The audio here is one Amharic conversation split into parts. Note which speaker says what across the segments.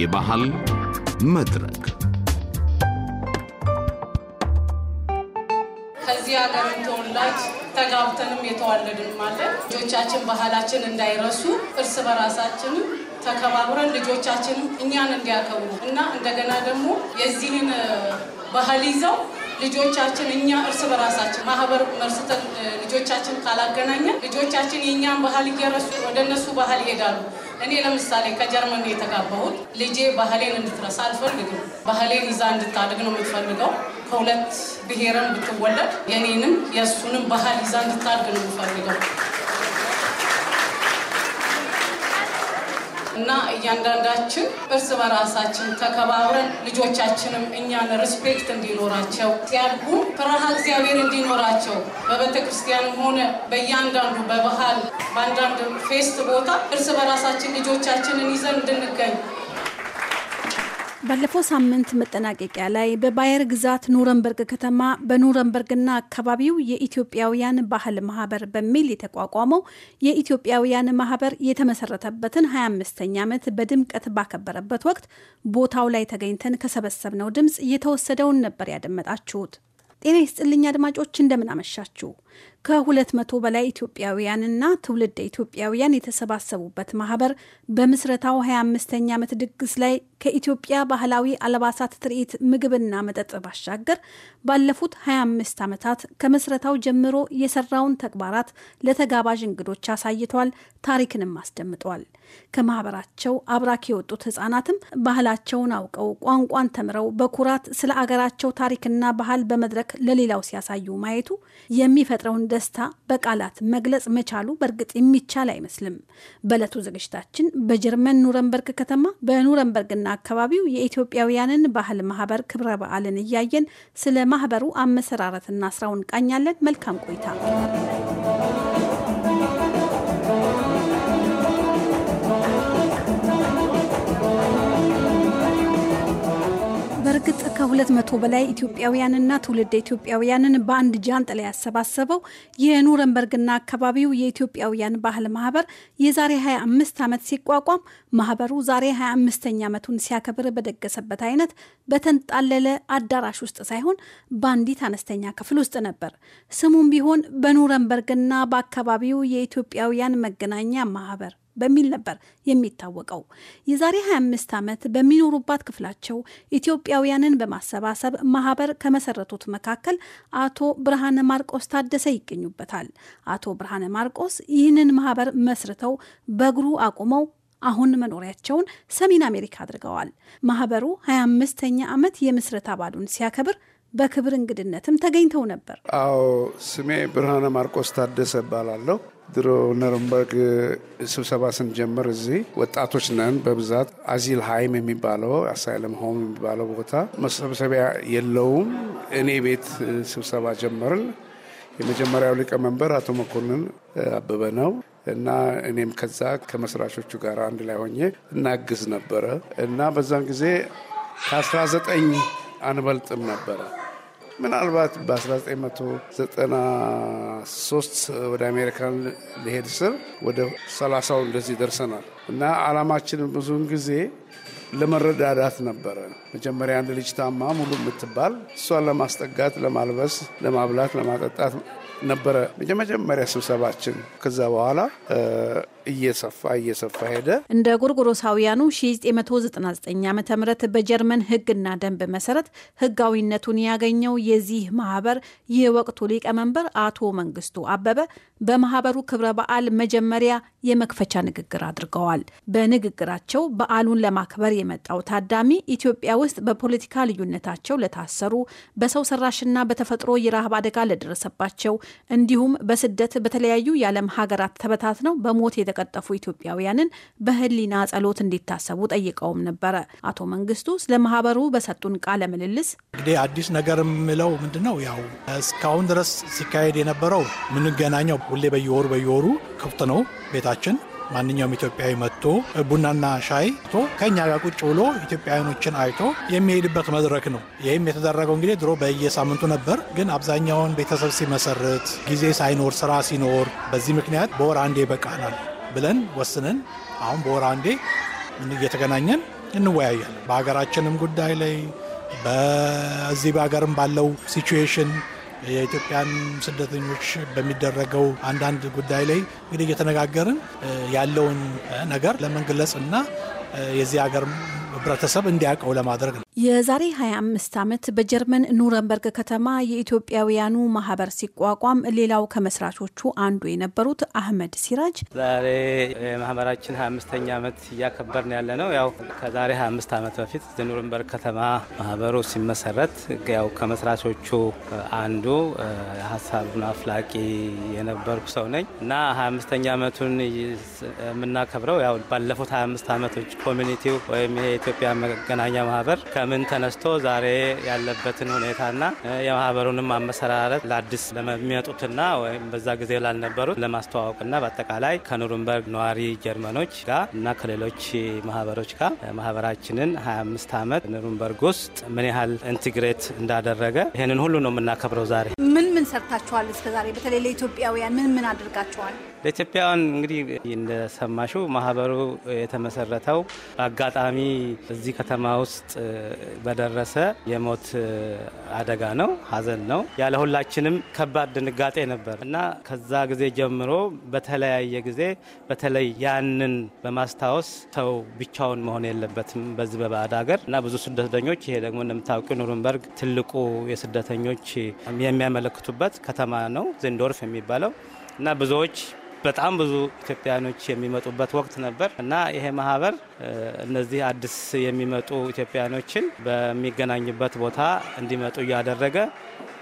Speaker 1: የባህል
Speaker 2: መድረክ ከዚህ ሀገር ተወላጅ ተጋብተንም የተዋለድን ማለት ልጆቻችን ባህላችን እንዳይረሱ እርስ በራሳችንም ተከባብረን ልጆቻችንም እኛን እንዲያከብሩ እና እንደገና ደግሞ የዚህን ባህል ይዘው ልጆቻችን እኛ እርስ በራሳችን ማህበር መርስተን ልጆቻችን ካላገናኘን ልጆቻችን የእኛን ባህል እየረሱ ወደ እነሱ ባህል ይሄዳሉ። እኔ ለምሳሌ ከጀርመን የተጋባሁት ልጄ ባህሌን እንድትረሳ አልፈልግም። ባህሌን ይዛ እንድታድግ ነው የምትፈልገው። ከሁለት ብሔርን ብትወለድ የኔንም የእሱንም ባህል ይዛ እንድታድግ ነው የምፈልገው። እና እያንዳንዳችን እርስ በራሳችን ተከባብረን ልጆቻችንም እኛን ሪስፔክት እንዲኖራቸው ሲያድጉ ፍርሃ እግዚአብሔር እንዲኖራቸው በቤተ ክርስቲያንም ሆነ በእያንዳንዱ በባህል በአንዳንድ ፌስት ቦታ እርስ በራሳችን ልጆቻችንን ይዘን እንድንገኝ
Speaker 3: ባለፈው ሳምንት መጠናቀቂያ ላይ በባየር ግዛት ኑረንበርግ ከተማ በኑረንበርግና አካባቢው የኢትዮጵያውያን ባህል ማህበር በሚል የተቋቋመው የኢትዮጵያውያን ማህበር የተመሰረተበትን 25ኛ ዓመት በድምቀት ባከበረበት ወቅት ቦታው ላይ ተገኝተን ከሰበሰብነው ድምፅ የተወሰደውን ነበር ያደመጣችሁት። ጤና ይስጥልኝ አድማጮች፣ እንደምን አመሻችሁ። ከሁለት መቶ በላይ ኢትዮጵያውያንና ትውልድ ኢትዮጵያውያን የተሰባሰቡበት ማህበር በምስረታው 25ኛ ዓመት ድግስ ላይ ከኢትዮጵያ ባህላዊ አልባሳት ትርኢት፣ ምግብና መጠጥ ባሻገር ባለፉት 25 ዓመታት ከምስረታው ጀምሮ የሰራውን ተግባራት ለተጋባዥ እንግዶች አሳይተዋል፣ ታሪክንም አስደምጠዋል። ከማህበራቸው አብራክ የወጡት ህጻናትም ባህላቸውን አውቀው ቋንቋን ተምረው በኩራት ስለ አገራቸው ታሪክና ባህል በመድረክ ለሌላው ሲያሳዩ ማየቱ የሚፈጥረው የሚፈጥረውን ደስታ በቃላት መግለጽ መቻሉ በእርግጥ የሚቻል አይመስልም። በዕለቱ ዝግጅታችን በጀርመን ኑረንበርግ ከተማ በኑረንበርግና አካባቢው የኢትዮጵያውያንን ባህል ማህበር ክብረ በዓልን እያየን ስለ ማህበሩ አመሰራረትና ስራውን ቃኛለን። መልካም ቆይታ በእርግጥ ከሁለት መቶ በላይ ኢትዮጵያውያንና ትውልድ ኢትዮጵያውያንን በአንድ ጃንጥላ ያሰባሰበው የኑረንበርግና አካባቢው የኢትዮጵያውያን ባህል ማህበር የዛሬ 25 ዓመት ሲቋቋም ማህበሩ ዛሬ 25ኛ ዓመቱን ሲያከብር በደገሰበት አይነት በተንጣለለ አዳራሽ ውስጥ ሳይሆን በአንዲት አነስተኛ ክፍል ውስጥ ነበር። ስሙም ቢሆን በኑረንበርግና በአካባቢው የኢትዮጵያውያን መገናኛ ማህበር በሚል ነበር የሚታወቀው። የዛሬ 25 ዓመት በሚኖሩባት ክፍላቸው ኢትዮጵያውያንን በማሰባሰብ ማህበር ከመሰረቱት መካከል አቶ ብርሃነ ማርቆስ ታደሰ ይገኙበታል። አቶ ብርሃነ ማርቆስ ይህንን ማህበር መስርተው በእግሩ አቁመው አሁን መኖሪያቸውን ሰሜን አሜሪካ አድርገዋል። ማህበሩ 25ኛ ዓመት የምስረት አባሉን ሲያከብር በክብር እንግድነትም ተገኝተው ነበር።
Speaker 1: አዎ፣ ስሜ ብርሃነ ማርቆስ ታደሰ እባላለሁ። ድሮ ነርምበርግ ስብሰባ ስንጀምር እዚህ ወጣቶች ነን በብዛት አዚል ሃይም የሚባለው አሳይለም ሆም የሚባለው ቦታ መሰብሰቢያ የለውም። እኔ ቤት ስብሰባ ጀመርን። የመጀመሪያው ሊቀመንበር አቶ መኮንን አበበ ነው እና እኔም ከዛ ከመስራቾቹ ጋር አንድ ላይ ሆኜ እናግዝ ነበረ እና በዛን ጊዜ ከ19 አንበልጥም ነበረ ምናልባት በ1993 ወደ አሜሪካን ልሄድ ስር ወደ 30 እንደዚህ ደርሰናል እና አላማችን ብዙውን ጊዜ ለመረዳዳት ነበረ። መጀመሪያ አንድ ልጅ ታማ ሙሉ የምትባል እሷን ለማስጠጋት፣ ለማልበስ፣ ለማብላት፣ ለማጠጣት ነበረ የመጀመሪያ ስብሰባችን። ከዛ በኋላ እየሰፋ እየሰፋ ሄደ።
Speaker 3: እንደ ጎርጎሮሳውያኑ 1999 ዓ ም በጀርመን ህግና ደንብ መሰረት ህጋዊነቱን ያገኘው የዚህ ማህበር የወቅቱ ሊቀመንበር አቶ መንግስቱ አበበ በማህበሩ ክብረ በዓል መጀመሪያ የመክፈቻ ንግግር አድርገዋል። በንግግራቸው በዓሉን ለማክበር የመጣው ታዳሚ ኢትዮጵያ ውስጥ በፖለቲካ ልዩነታቸው ለታሰሩ በሰው ሰራሽና በተፈጥሮ የረሃብ አደጋ ለደረሰባቸው እንዲሁም በስደት በተለያዩ የዓለም ሀገራት ተበታትነው በሞት የተቀጠፉ ኢትዮጵያውያንን በህሊና ጸሎት እንዲታሰቡ ጠይቀውም ነበረ። አቶ መንግስቱ ስለ ማህበሩ በሰጡን ቃለ ምልልስ
Speaker 4: እንግዲህ አዲስ ነገር የምለው ምንድን ነው ያው እስካሁን ድረስ ሲካሄድ የነበረው የምንገናኘው ሁሌ በየወሩ በየወሩ ክፍት ነው ቤታችን ማንኛውም ኢትዮጵያዊ መጥቶ ቡናና ሻይ ቶ ከኛ ጋር ቁጭ ብሎ ኢትዮጵያውያኖችን አይቶ የሚሄድበት መድረክ ነው። ይህም የተደረገው እንግዲህ ድሮ በየሳምንቱ ነበር፣ ግን አብዛኛውን ቤተሰብ ሲመሰርት ጊዜ ሳይኖር ስራ ሲኖር፣ በዚህ ምክንያት በወር አንዴ ይበቃናል። ብለን ወስነን አሁን በወር አንዴ እየተገናኘን እንወያያለን። በሀገራችንም ጉዳይ ላይ በዚህ በሀገርም ባለው ሲቹዌሽን የኢትዮጵያን ስደተኞች በሚደረገው አንዳንድ ጉዳይ ላይ እንግዲህ እየተነጋገርን ያለውን ነገር ለመግለጽ እና የዚህ ሀገር ህብረተሰብ እንዲያውቀው ለማድረግ ነው።
Speaker 3: የዛሬ 25 ዓመት በጀርመን ኑረንበርግ ከተማ የኢትዮጵያውያኑ ማህበር ሲቋቋም ሌላው ከመስራቾቹ አንዱ የነበሩት አህመድ ሲራጅ
Speaker 5: ዛሬ የማህበራችን 25ኛ ዓመት እያከበርን ያለ ነው። ያው ከዛሬ 25 ዓመት በፊት ኑረንበርግ ከተማ ማህበሩ ሲመሰረት ያው ከመስራቾቹ አንዱ ሀሳቡን አፍላቂ የነበርኩ ሰው ነኝ እና 25ኛ ዓመቱን የምናከብረው ያው ባለፉት 25 ዓመቶች ኮሚኒቲው ወይም የኢትዮጵያ መገናኛ ማህበር ምን ተነስቶ ዛሬ ያለበትን ሁኔታና የማህበሩንም አመሰራረት ለአዲስ ለሚመጡትና ወይም በዛ ጊዜ ላልነበሩት ለማስተዋወቅና በአጠቃላይ ከኑርንበርግ ነዋሪ ጀርመኖች ጋር እና ከሌሎች ማህበሮች ጋር ማህበራችንን 25 ዓመት ኑርንበርግ ውስጥ ምን ያህል ኢንቲግሬት እንዳደረገ ይህንን ሁሉ ነው የምናከብረው ዛሬ።
Speaker 3: ምን ምን ሰርታችኋል? እስከዛሬ በተለይ ለኢትዮጵያውያን ምን ምን አድርጋችኋል?
Speaker 5: ለኢትዮጵያውያን እንግዲህ እንደሰማሽው ማህበሩ የተመሰረተው በአጋጣሚ እዚህ ከተማ ውስጥ በደረሰ የሞት አደጋ ነው። ሀዘን ነው ያለ ሁላችንም ከባድ ድንጋጤ ነበር እና ከዛ ጊዜ ጀምሮ በተለያየ ጊዜ በተለይ ያንን በማስታወስ ሰው ብቻውን መሆን የለበትም በዚህ በባዕድ ሀገር እና ብዙ ስደተኞች ይሄ ደግሞ እንደምታውቂ ኑርንበርግ ትልቁ የስደተኞች የሚያመለክቱበት ከተማ ነው ዜንዶርፍ የሚባለው እና ብዙዎች በጣም ብዙ ኢትዮጵያኖች የሚመጡበት ወቅት ነበር እና ይሄ ማህበር እነዚህ አዲስ የሚመጡ ኢትዮጵያኖችን በሚገናኙበት ቦታ እንዲመጡ እያደረገ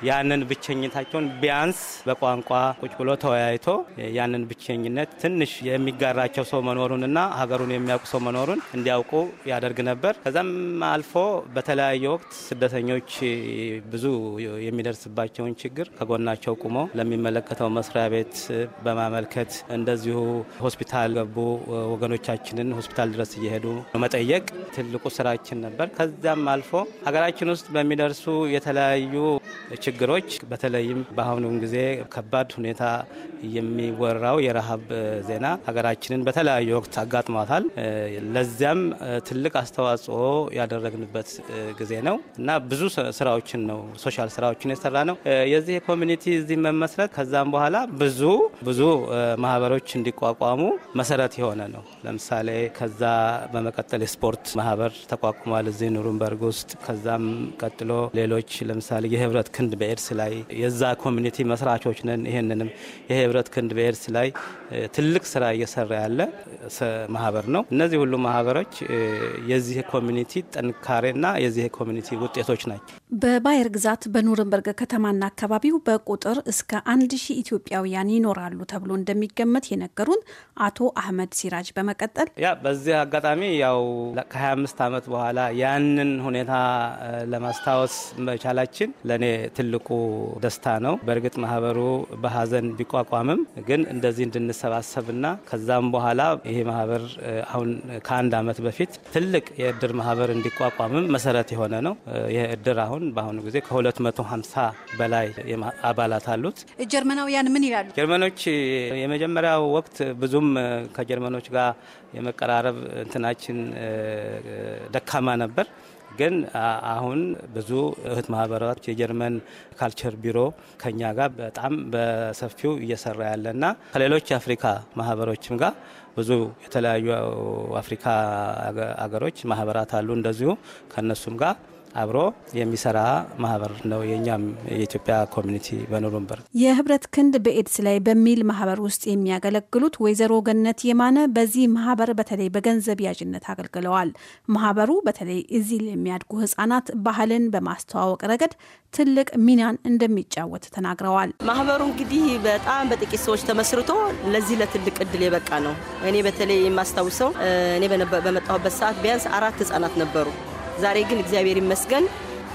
Speaker 5: ያንን ብቸኝታቸውን ቢያንስ በቋንቋ ቁጭ ብሎ ተወያይቶ ያንን ብቸኝነት ትንሽ የሚጋራቸው ሰው መኖሩንና ሀገሩን የሚያውቁ ሰው መኖሩን እንዲያውቁ ያደርግ ነበር። ከዛም አልፎ በተለያየ ወቅት ስደተኞች ብዙ የሚደርስባቸውን ችግር ከጎናቸው ቁሞ ለሚመለከተው መስሪያ ቤት በማመልከት እንደዚሁ ሆስፒታል ገቡ ወገኖቻችንን ሆስፒታል ድረስ እየሄዱ መጠየቅ ትልቁ ስራችን ነበር። ከዚያም አልፎ ሀገራችን ውስጥ በሚደርሱ የተለያዩ ችግሮች በተለይም በአሁኑ ጊዜ ከባድ ሁኔታ የሚወራው የረሃብ ዜና ሀገራችንን በተለያዩ ወቅት አጋጥሟታል። ለዚያም ትልቅ አስተዋጽኦ ያደረግንበት ጊዜ ነው እና ብዙ ስራዎችን ነው ሶሻል ስራዎችን የሰራ ነው። የዚህ ኮሚኒቲ እዚህ መመስረት ከዛም በኋላ ብዙ ብዙ ማህበሮች እንዲቋቋሙ መሰረት የሆነ ነው። ለምሳሌ ከዛ በመቀጠል የስፖርት ማህበር ተቋቁሟል እዚህ ኑሩምበርግ ውስጥ። ከዛም ቀጥሎ ሌሎች ለምሳሌ የህብረት ክንድ በኤድስ ላይ የዛ ኮሚኒቲ መስራቾች ነን። ይህንንም ህብረት ክንድ በኤድስ ላይ ትልቅ ስራ እየሰራ ያለ ማህበር ነው። እነዚህ ሁሉ ማህበሮች የዚህ ኮሚኒቲ ጥንካሬና የዚህ ኮሚኒቲ ውጤቶች ናቸው።
Speaker 3: በባየር ግዛት በኑርንበርግ ከተማና አካባቢው በቁጥር እስከ አንድ ሺህ ኢትዮጵያውያን ይኖራሉ ተብሎ እንደሚገመት የነገሩን አቶ አህመድ ሲራጅ በመቀጠል
Speaker 5: ያ በዚህ አጋጣሚ ያው ከ25 ዓመት በኋላ ያንን ሁኔታ ለማስታወስ መቻላችን ለእኔ ትልቁ ደስታ ነው። በእርግጥ ማህበሩ በሀዘን ቢቋቋምም ግን እንደዚህ እንድንሰባሰብና ከዛም በኋላ ይሄ ማህበር አሁን ከአንድ ዓመት በፊት ትልቅ የእድር ማህበር እንዲቋቋምም መሰረት የሆነ ነው። ይህ እድር አሁን አሁን በአሁኑ ጊዜ ከ250 በላይ አባላት አሉት።
Speaker 3: ጀርመናውያን ምን ይላሉ?
Speaker 5: ጀርመኖች የመጀመሪያው ወቅት ብዙም ከጀርመኖች ጋር የመቀራረብ እንትናችን ደካማ ነበር። ግን አሁን ብዙ እህት ማህበራት የጀርመን ካልቸር ቢሮ ከኛ ጋር በጣም በሰፊው እየሰራ ያለ ና ከሌሎች የአፍሪካ ማህበሮችም ጋር ብዙ የተለያዩ አፍሪካ አገሮች ማህበራት አሉ። እንደዚሁ ከእነሱም ጋር አብሮ የሚሰራ ማህበር ነው። የኛም የኢትዮጵያ ኮሚኒቲ በኑሩምበርግ
Speaker 3: የህብረት ክንድ በኤድስ ላይ በሚል ማህበር ውስጥ የሚያገለግሉት ወይዘሮ ገነት የማነ በዚህ ማህበር በተለይ በገንዘብ ያዥነት አገልግለዋል። ማህበሩ በተለይ እዚህ ለሚያድጉ ህጻናት ባህልን በማስተዋወቅ ረገድ ትልቅ ሚናን እንደሚጫወት ተናግረዋል።
Speaker 6: ማህበሩ እንግዲህ በጣም በጥቂት ሰዎች ተመስርቶ ለዚህ ለትልቅ እድል የበቃ ነው። እኔ በተለይ የማስታውሰው እኔ በመጣሁበት ሰዓት ቢያንስ አራት ህጻናት ነበሩ ዛሬ ግን እግዚአብሔር ይመስገን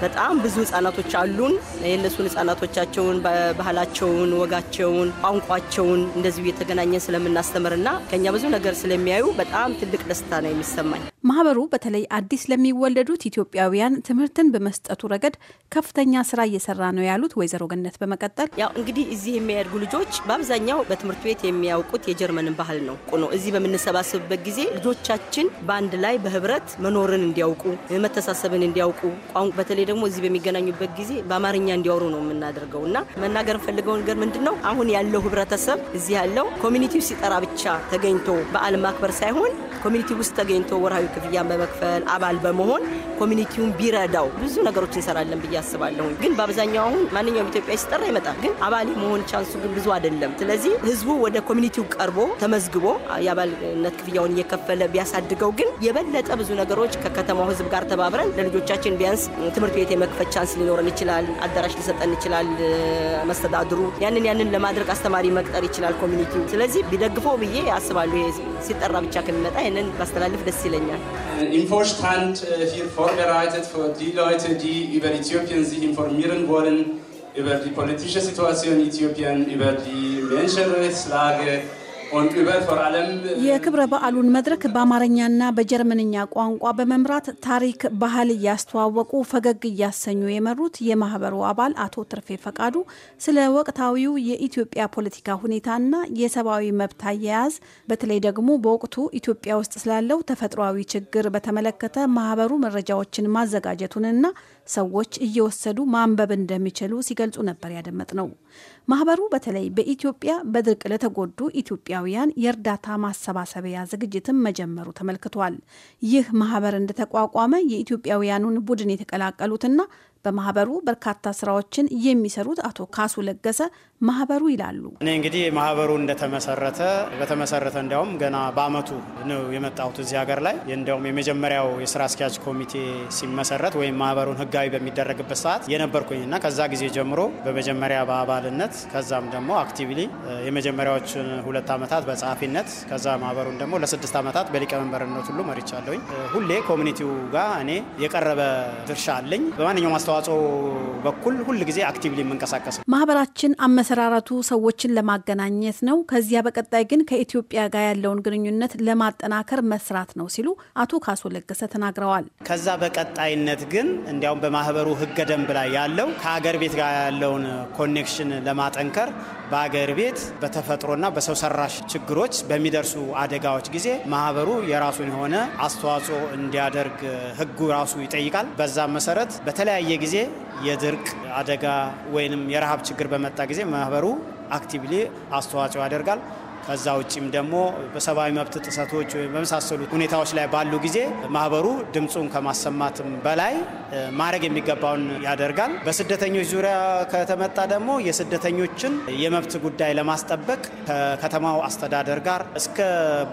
Speaker 6: በጣም ብዙ ህጻናቶች አሉን። የእነሱን ህጻናቶቻቸውን፣ ባህላቸውን፣ ወጋቸውን፣ ቋንቋቸውን እንደዚሁ እየተገናኘን ስለምናስተምርና ከኛ ብዙ ነገር ስለሚያዩ በጣም ትልቅ ደስታ ነው የሚሰማኝ።
Speaker 3: ማህበሩ በተለይ አዲስ ለሚወለዱት ኢትዮጵያውያን ትምህርትን በመስጠቱ ረገድ ከፍተኛ ስራ እየሰራ ነው ያሉት ወይዘሮ ገነት በመቀጠል ያው እንግዲህ
Speaker 6: እዚህ የሚያድጉ ልጆች በአብዛኛው በትምህርት ቤት የሚያውቁት የጀርመንን ባህል ነው ቁኖ እዚህ በምንሰባሰብበት ጊዜ ልጆቻችን በአንድ ላይ በህብረት መኖርን እንዲያውቁ፣ መተሳሰብን እንዲያውቁ በተለይ ደግሞ እዚህ በሚገናኙበት ጊዜ በአማርኛ እንዲያወሩ ነው የምናደርገው እና መናገር ፈልገው ነገር ምንድን ነው አሁን ያለው ህብረተሰብ እዚህ ያለው ኮሚኒቲው ሲጠራ ብቻ ተገኝቶ በአል ማክበር ሳይሆን ኮሚኒቲ ውስጥ ተገኝቶ ወርሃዊ ክፍያን በመክፈል አባል በመሆን ኮሚኒቲውን ቢረዳው ብዙ ነገሮች እንሰራለን ብዬ አስባለሁ። ግን በአብዛኛው አሁን ማንኛውም ኢትዮጵያ ሲጠራ ይመጣል። ግን አባል መሆን ቻንሱ ግን ብዙ አይደለም። ስለዚህ ህዝቡ ወደ ኮሚኒቲው ቀርቦ ተመዝግቦ የአባልነት ክፍያውን እየከፈለ ቢያሳድገው ግን የበለጠ ብዙ ነገሮች ከከተማው ህዝብ ጋር ተባብረን ለልጆቻችን ቢያንስ ትምህርት ቤት የመክፈት ቻንስ ሊኖረን ይችላል። አዳራሽ ሊሰጠን ይችላል መስተዳድሩ። ያንን ያንን ለማድረግ አስተማሪ መቅጠር ይችላል ኮሚኒቲው። ስለዚህ ቢደግፈው ብዬ አስባሉ ሲጠራ ብቻ ከሚመጣ ይንን ባስተላልፍ ደስ ይለኛል።
Speaker 1: Äh, Infostand äh, hier vorbereitet für die Leute, die über Äthiopien sich informieren wollen, über die politische Situation in Äthiopien, über die Menschenrechtslage,
Speaker 3: የክብረ በዓሉን መድረክ በአማርኛና በጀርመንኛ ቋንቋ በመምራት ታሪክ፣ ባህል እያስተዋወቁ ፈገግ እያሰኙ የመሩት የማህበሩ አባል አቶ ትርፌ ፈቃዱ ስለ ወቅታዊው የኢትዮጵያ ፖለቲካ ሁኔታና የሰብአዊ መብት አያያዝ በተለይ ደግሞ በወቅቱ ኢትዮጵያ ውስጥ ስላለው ተፈጥሯዊ ችግር በተመለከተ ማህበሩ መረጃዎችን ማዘጋጀቱንና ሰዎች እየወሰዱ ማንበብ እንደሚችሉ ሲገልጹ ነበር ያደመጥ ነው። ማህበሩ በተለይ በኢትዮጵያ በድርቅ ለተጎዱ ኢትዮጵያውያን የእርዳታ ማሰባሰቢያ ዝግጅትን መጀመሩ ተመልክቷል። ይህ ማህበር እንደተቋቋመ የኢትዮጵያውያኑን ቡድን የተቀላቀሉትና በማህበሩ በርካታ ስራዎችን የሚሰሩት አቶ ካሱ ለገሰ ማህበሩ ይላሉ።
Speaker 7: እኔ እንግዲህ ማህበሩ እንደተመሰረተ በተመሰረተ እንዲያውም ገና በአመቱ ነው የመጣሁት እዚህ ሀገር ላይ እንዲያውም የመጀመሪያው የስራ አስኪያጅ ኮሚቴ ሲመሰረት ወይም ማህበሩን ህጋዊ በሚደረግበት ሰዓት የነበርኩኝ እና ከዛ ጊዜ ጀምሮ በመጀመሪያ በአባልነት ከዛም ደግሞ አክቲቭሊ የመጀመሪያዎችን ሁለት ዓመታት በጸሐፊነት ከዛ ማህበሩን ደግሞ ለስድስት ዓመታት በሊቀመንበርነት ሁሉ መሪቻለሁኝ። ሁሌ ኮሚኒቲው ጋር እኔ የቀረበ ድርሻ አለኝ በማንኛውም አስተዋጽኦ በኩል ጊዜ አክቲቭ የምንቀሳቀስ
Speaker 3: ማህበራችን አመሰራረቱ ሰዎችን ለማገናኘት ነው። ከዚያ በቀጣይ ግን ከኢትዮጵያ ጋር ያለውን ግንኙነት ለማጠናከር መስራት ነው ሲሉ አቶ ካሶ ለገሰ ተናግረዋል።
Speaker 7: ከዛ በቀጣይነት ግን እንዲያውም በማህበሩ ህገ ደንብ ላይ ያለው ከሀገር ቤት ጋር ያለውን ኮኔክሽን ለማጠንከር በሀገር ቤት በተፈጥሮና በሰው ሰራሽ ችግሮች በሚደርሱ አደጋዎች ጊዜ ማህበሩ የራሱን የሆነ አስተዋጽኦ እንዲያደርግ ህጉ ራሱ ይጠይቃል። በዛ መሰረት በተለያየ ጊዜ የድርቅ አደጋ ወይንም የረሃብ ችግር በመጣ ጊዜ ማህበሩ አክቲቭሊ አስተዋጽኦ ያደርጋል። ከዛ ውጭም ደግሞ በሰብአዊ መብት ጥሰቶች በመሳሰሉት ሁኔታዎች ላይ ባሉ ጊዜ ማህበሩ ድምፁን ከማሰማትም በላይ ማድረግ የሚገባውን ያደርጋል። በስደተኞች ዙሪያ ከተመጣ ደግሞ የስደተኞችን የመብት ጉዳይ ለማስጠበቅ ከከተማው አስተዳደር ጋር እስከ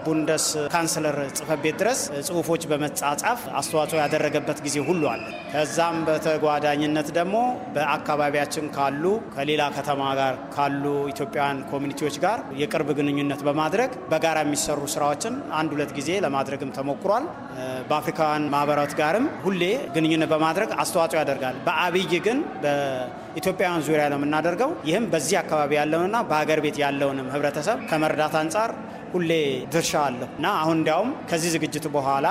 Speaker 7: ቡንደስ ካንስለር ጽፈት ቤት ድረስ ጽሁፎች በመጻጻፍ አስተዋጽኦ ያደረገበት ጊዜ ሁሉ አለ። ከዛም በተጓዳኝነት ደግሞ በአካባቢያችን ካሉ ከሌላ ከተማ ጋር ካሉ ኢትዮጵያውያን ኮሚኒቲዎች ጋር የቅርብ ግንኙ ግንኙነት በማድረግ በጋራ የሚሰሩ ስራዎችን አንድ ሁለት ጊዜ ለማድረግም ተሞክሯል። በአፍሪካውያን ማህበራት ጋርም ሁሌ ግንኙነት በማድረግ አስተዋጽኦ ያደርጋል። በአብይ ግን በኢትዮጵያውያን ዙሪያ ነው የምናደርገው። ይህም በዚህ አካባቢ ያለውንና በሀገር ቤት ያለውንም ህብረተሰብ ከመርዳት አንጻር ሁሌ ድርሻ አለሁ እና አሁን እንዲያውም ከዚህ ዝግጅት በኋላ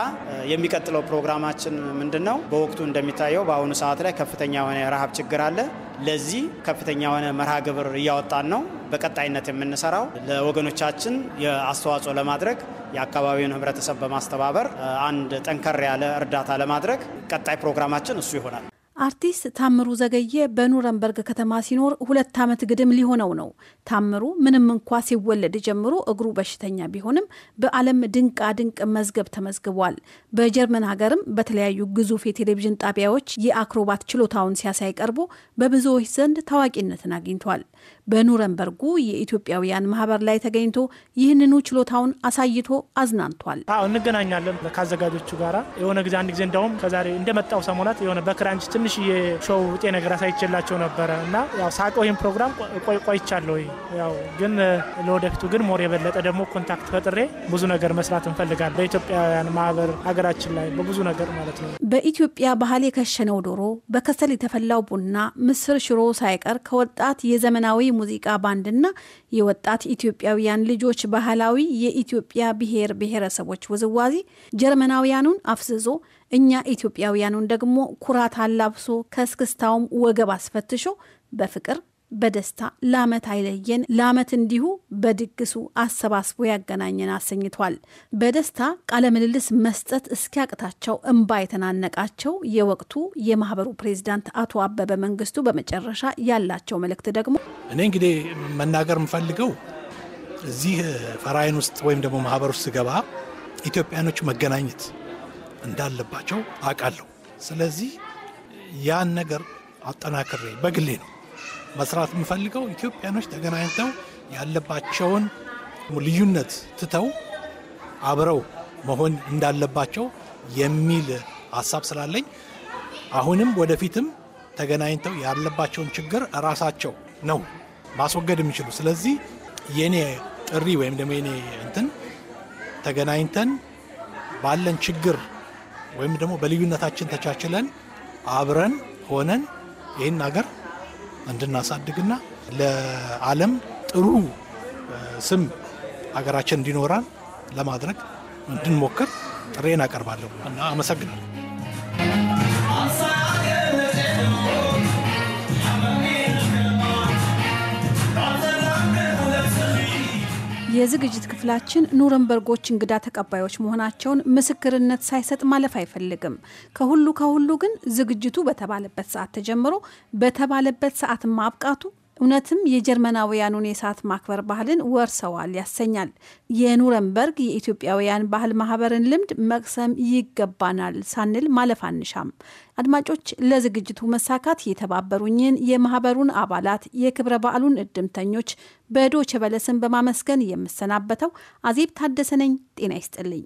Speaker 7: የሚቀጥለው ፕሮግራማችን ምንድን ነው? በወቅቱ እንደሚታየው በአሁኑ ሰዓት ላይ ከፍተኛ የሆነ የረሃብ ችግር አለ። ለዚህ ከፍተኛ የሆነ መርሃ ግብር እያወጣን ነው። በቀጣይነት የምንሰራው ለወገኖቻችን የአስተዋጽኦ ለማድረግ የአካባቢውን ህብረተሰብ በማስተባበር አንድ ጠንከር ያለ እርዳታ ለማድረግ ቀጣይ ፕሮግራማችን እሱ
Speaker 3: ይሆናል። አርቲስት ታምሩ ዘገየ በኑረንበርግ ከተማ ሲኖር ሁለት ዓመት ግድም ሊሆነው ነው። ታምሩ ምንም እንኳ ሲወለድ ጀምሮ እግሩ በሽተኛ ቢሆንም በዓለም ድንቃ ድንቅ መዝገብ ተመዝግቧል። በጀርመን ሀገርም በተለያዩ ግዙፍ የቴሌቪዥን ጣቢያዎች የአክሮባት ችሎታውን ሲያሳይ ቀርቦ በብዙዎች ዘንድ ታዋቂነትን አግኝቷል። በኑረንበርጉ የኢትዮጵያውያን ማህበር ላይ ተገኝቶ ይህንኑ ችሎታውን አሳይቶ አዝናንቷል።
Speaker 4: እንገናኛለን ካዘጋጆቹ ጋራ የሆነ ጊዜ አንድ ጊዜ እንደውም ከዛሬ እንደመጣው ሰሞናት የሆነ በክራንች ትንሽ ትንሽ የሾው ውጤ ነገር አሳይቼላቸው ነበረ እና ያው ሳቀው ይህም ፕሮግራም ቆይቻለሁ። ያው ግን ለወደፊቱ ግን ሞር የበለጠ ደግሞ ኮንታክት ፈጥሬ ብዙ ነገር መስራት እንፈልጋል በኢትዮጵያውያን ማህበር ሀገራችን ላይ በብዙ ነገር ማለት ነው።
Speaker 3: በኢትዮጵያ ባህል የከሸነው ዶሮ፣ በከሰል የተፈላው ቡና፣ ምስር ሽሮ ሳይቀር ከወጣት የዘመናዊ ሙዚቃ ባንድና የወጣት ኢትዮጵያውያን ልጆች ባህላዊ የኢትዮጵያ ብሔር ብሔረሰቦች ውዝዋዜ ጀርመናውያኑን አፍዝዞ እኛ ኢትዮጵያውያኑን ደግሞ ኩራት አላብሶ ከእስክስታውም ወገብ አስፈትሾ በፍቅር በደስታ ለዓመት አይለየን ለዓመት እንዲሁ በድግሱ አሰባስቦ ያገናኘን አሰኝቷል። በደስታ ቃለ ምልልስ መስጠት እስኪያቅታቸው እንባ የተናነቃቸው የወቅቱ የማህበሩ ፕሬዚዳንት አቶ አበበ መንግስቱ በመጨረሻ ያላቸው መልእክት ደግሞ
Speaker 4: እኔ እንግዲህ መናገር የምፈልገው እዚህ ፈራይን ውስጥ ወይም ደግሞ ማህበር ውስጥ ስገባ ኢትዮጵያኖች መገናኘት እንዳለባቸው አውቃለሁ። ስለዚህ ያን ነገር አጠናክሬ በግሌ ነው መስራት የምፈልገው። ኢትዮጵያኖች ተገናኝተው ያለባቸውን ልዩነት ትተው አብረው መሆን እንዳለባቸው የሚል ሀሳብ ስላለኝ አሁንም ወደፊትም ተገናኝተው ያለባቸውን ችግር ራሳቸው ነው ማስወገድ የሚችሉ። ስለዚህ የኔ ጥሪ ወይም ደግሞ የኔ እንትን ተገናኝተን ባለን ችግር ወይም ደግሞ በልዩነታችን ተቻችለን አብረን ሆነን ይህን ሀገር እንድናሳድግና ለዓለም ጥሩ ስም ሀገራችን እንዲኖራን ለማድረግ እንድንሞክር ጥሬን አቀርባለሁ እና አመሰግናለሁ።
Speaker 3: የዝግጅት ክፍላችን ኑረንበርጎች እንግዳ ተቀባዮች መሆናቸውን ምስክርነት ሳይሰጥ ማለፍ አይፈልግም። ከሁሉ ከሁሉ ግን ዝግጅቱ በተባለበት ሰዓት ተጀምሮ በተባለበት ሰዓት ማብቃቱ እውነትም የጀርመናውያኑን የሰዓት ማክበር ባህልን ወርሰዋል ያሰኛል። የኑረንበርግ የኢትዮጵያውያን ባህል ማህበርን ልምድ መቅሰም ይገባናል ሳንል ማለፍ አንሻም። አድማጮች፣ ለዝግጅቱ መሳካት የተባበሩኝን የማህበሩን አባላት የክብረ በዓሉን እድምተኞች በዶቸ በለስን በማመስገን የምሰናበተው አዜብ ታደሰ ነኝ። ጤና ይስጥልኝ።